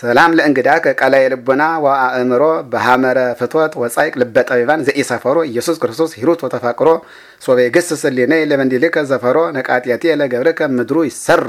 ሰላም ለእንግዳ ከቃላይ ልቡና ወአእምሮ በሃመረ ፍትወት ወጻይቅ ልበጠቢባን ዘኢሰፈሮ ኢየሱስ ክርስቶስ ሂሩት ወተፋቅሮ ሶቤ ግስ ስሊነይ ለመንዲሊከ ዘፈሮ ነቃጥየትየ ለገብረከ ምድሩ ይሰሮ